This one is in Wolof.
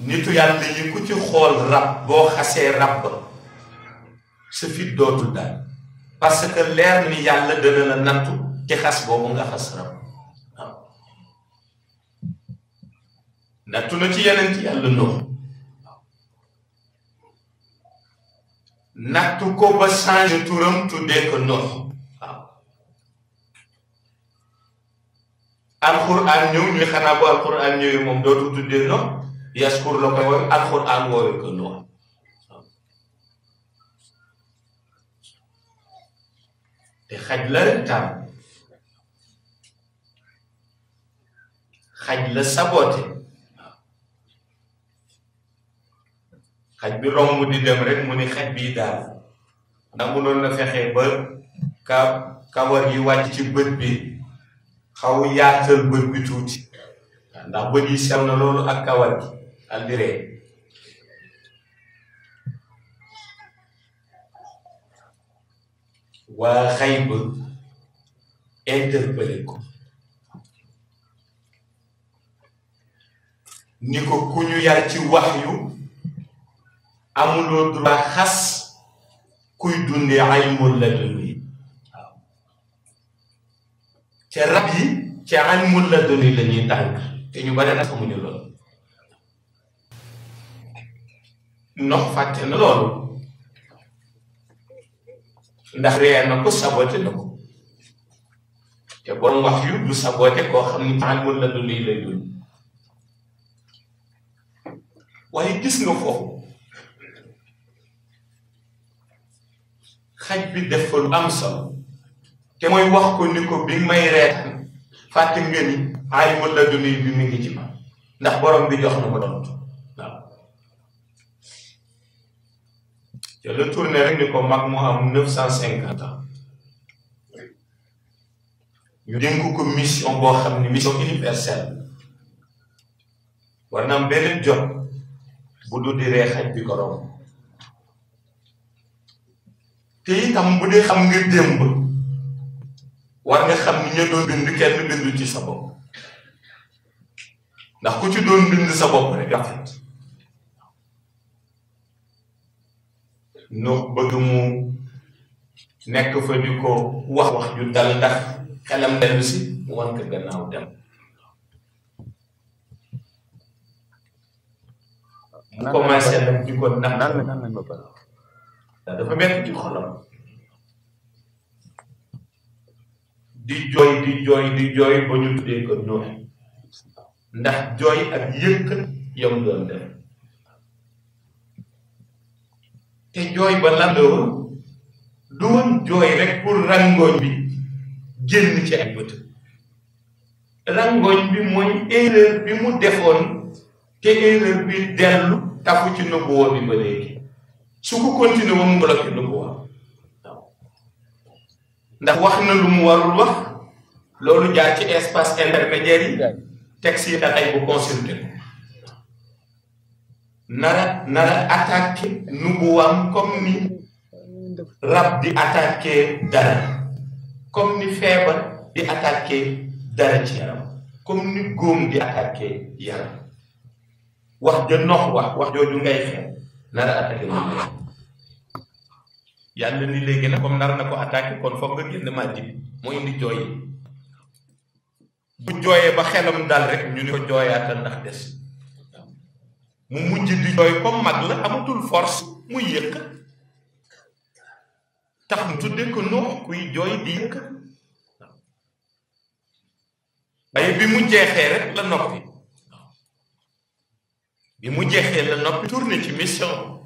nitu yàlla yi ku ci xool rab boo xasee rab ba sa daal parce que leer ni yàlla dana la nattu ci xas boobu nga xas rab waaw nattu ci yeneen yàlla noonu nattu ko ba changé turam tuddee ko noonu alxuraan ñëw ñuy xanaa bu alxuraan ñëwee moom dootul tuddee noonu yaskur la koy woy alxuraan wooyu ko noonu te xaj la rek tam xaj la sabote xaj bi romb di dem rek mu ni xaj bi daal ndax mu noonu la fexee ba ka kawar yi wàcc ci bët bi xaw yaatal bët bi tuuti ndax bët yi sew na loolu ak kawar gi ak di ree waa xayba interpellé ko ni ko ku ñu yar ci wax yu amuloo droit xas kuy dundee ay mul la dundee ca rab yi ca ay mul la dundee la ñuy tànk te ñu bari na xamuñu loolu ndox fàtte na loolu ndax reer na ko sabote na ko te borom wax yu du sabote koo xam ni tàngoor la dund yi lay dund waaye gis nga foofu xaj bi def am solo te mooy wax ko ni ko bi may reetaan fàtte nga ni aay wala dund bi mu ngi ndax borom bi jox na ko te le tourné rek ni ko mag mu am neuf cent cinquante ans ko mission boo xam ne mission universelle war na am benn bu du di reexaj bi ko te itam bu dee xam nga démb war nga xam ni ña doon bind kenn bind ci sa bopp ku ci doon bind sa bopp gafet nu bëgg mu nekk fa di ko wax wax ju dal ndax xelam dellu si mu wan ko gannaaw dem di ko di jooy di jooy ba ñu tuddee ko nooy ndax jooy ak yëkk yam doon def te jooy ba la doon du woon jooy rek pour rangooñ bi génn ci ay bët rangooñ bi mooy erreur bi mu defoon te erreur bi dellu takku ci nubuwa bi ba léegi su ko continué woon mu bloqué ndax wax na lu mu warul wax loolu jaar ci espace intermédiaire yi texte yi dafay bu consulté nara nara attaqué nubuwam comme ni rab di attaqué dara comme ni feebar di attaqué dara ci yaram comme ni góom di attaqué yaram wax ja nox wax wax jooju ngay xeex nara attaqué nubuwam yàlla ni léegi nag comme nar na ko attaqué kon foog nga génn maa jib moo indi jooy bu jooyee ba xelam dal rek ñu ni ko jooyaatal ndax des mu mujj di jooy comme mag la amatul force muy yëkk tax mu tuddee ko Nuux kuy jooy di yëkk waaye bi mu jeexee rek la noppi bi mu jeexee la noppi tourné ci mission